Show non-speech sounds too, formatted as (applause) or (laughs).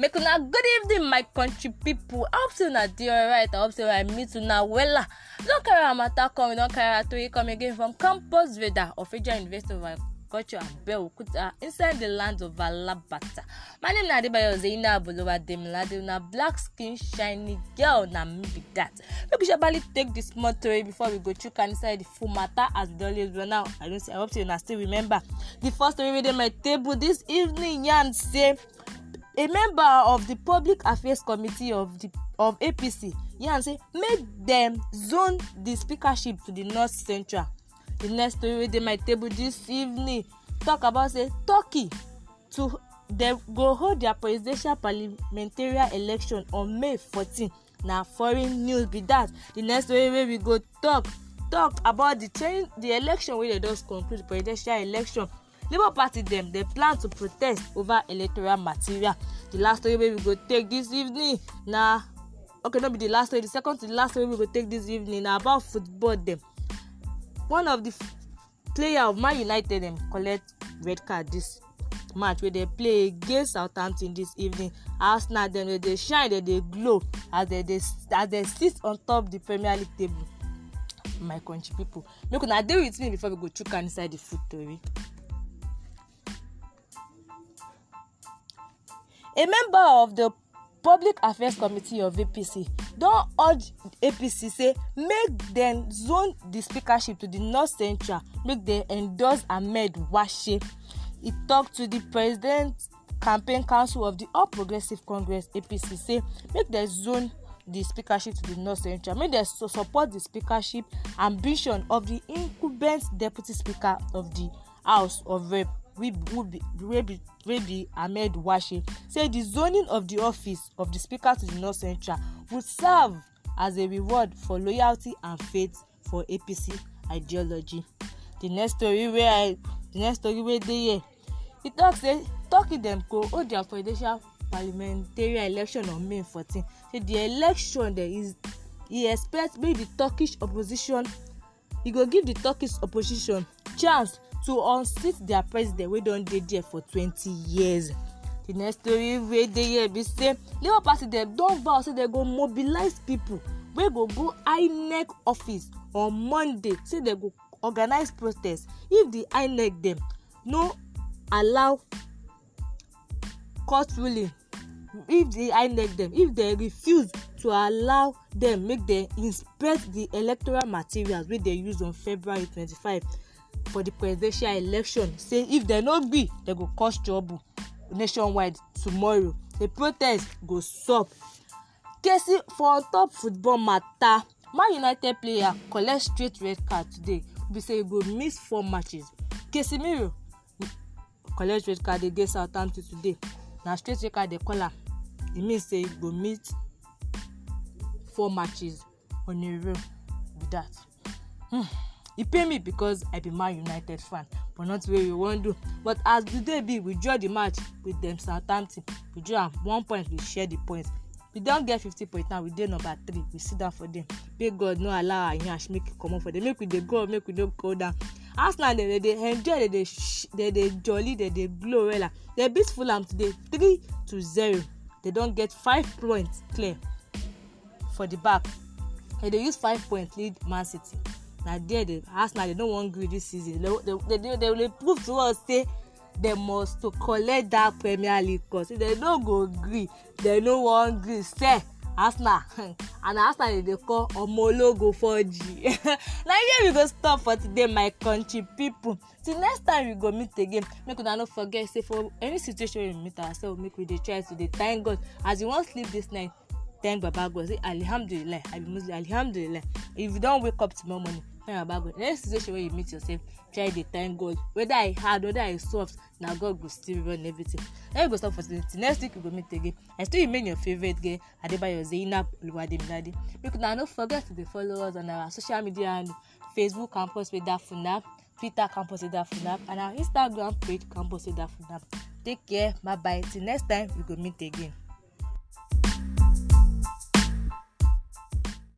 make una good evening my country people. i hope say una dey alright i hope say una meet una wella ah, e don carry our matter come we don carry our tori come again from campus radar of federal university of agriculture abeokuta inside the land of alabata my name na adebayo zeyina abolowa demilade una black skin shiny girl na me be that make we shabali take the small tori before we go chook am inside the full matter as we don late but now i don say i hope say una still remember the first tori wey dey my table this evening yarn say a member of the public affairs committee of the of apc yarn say make dem zone di speakership to di north central the next story wey dey my table this evening talk about say turkey to dem go hold their presidential parliamentary election on may fourteen na foreign news be that the next story wey we go talk talk about the train the election wey dey just conclude presidential election labour party dem dey plan to protest over electoral material the last story wey we go take this evening na okay no be the last story the second to the last story wey we go take this evening na about football dem one of the player of man united dem collect red card this match wey dey play against southampton this evening arsenal dem dey dey shine dey dey glow as dey dey as dey sit on top the premier league table my country pipo make una dey with me before we go chook hand inside the food tori. a member of the public affairs committee of apc don urge apc say make dem zone di speakership to di north central make dem endorse ahmed Wache. e tok to di president campaign council of di all progressives congress apc say make dem zone di speakership to di north central make dem so support di speakership ambition of di incumbent deputy speaker of di house of rep Weibi Ahmed Washe say the zoning of the office of the Speaker to the North Central would serve as a reward for loyalty and faith for APC ideology. The next story wey I the next story wey dey here e talk say Turkey dem go hold their presidential parliamentary election on May 14 say the election dem is e expect make the Turkish opposition e go give the Turkish opposition chance to unseat their president wey don dey there for twenty years the next story wey dey here be say labour party dem don vow say dem go mobilize pipo wey go go inec office on monday say dem go organize protest if the inec dem no allow court ruling if the inec dem if dem refuse to allow dem make dem inspect the electoral materials wey dem use on february twenty-five for the presidential election say if dem no gree dem go cause trouble nationwide tomorrow The protest go stop. kc for on top football mata man united player collect straight red card today be say e go miss four matches casemiro collect red card against southampton today na straight red card dey call am e mean say e go miss four matches on a row be that. Hmm e pain me because i be man united fan but not wey we wan do but as the day be we draw the match with dem southampton we draw am one point we share the point we don get fifty point now we dey number three we sit down for dem make god no allow our yansh make e comot for dem make we dey go make we no go down arsenal dem dey dey enjoy dey dey dey dey jolly dey dey glow wella dem beat fulham today three to zero dem don get five points clear for the back dem dey use five points lead man city na there the arsenal dey no wan gree this season they they they they prove to us say they must to collect that premier league cos if they no go gree they no wan gree sell arsenal (laughs) and na arsenal dey call ọmọ ológo 4g (laughs) na here we go stop for today my country people till next time we go meet again make una no forget say for any situation we meet ourselves make we dey try to dey thank god as you wan sleep this night thank baba god say alihamdulilayi i be muslim alihamdulilayi if you don wake up tomorrow morning yarn about god in any situation wey you meet yourself try dey thank god whether e hard whether I soft na god go still run everything then we go stop for today till next week we go meet again i still remain your favourite girl adebayo zainab oluwademilade make una no forget to dey follow us on our social media handle facebook campus radar funab twitter campus radar funab and our instagram page campus radar funab take care bye bye till next time we go meet again.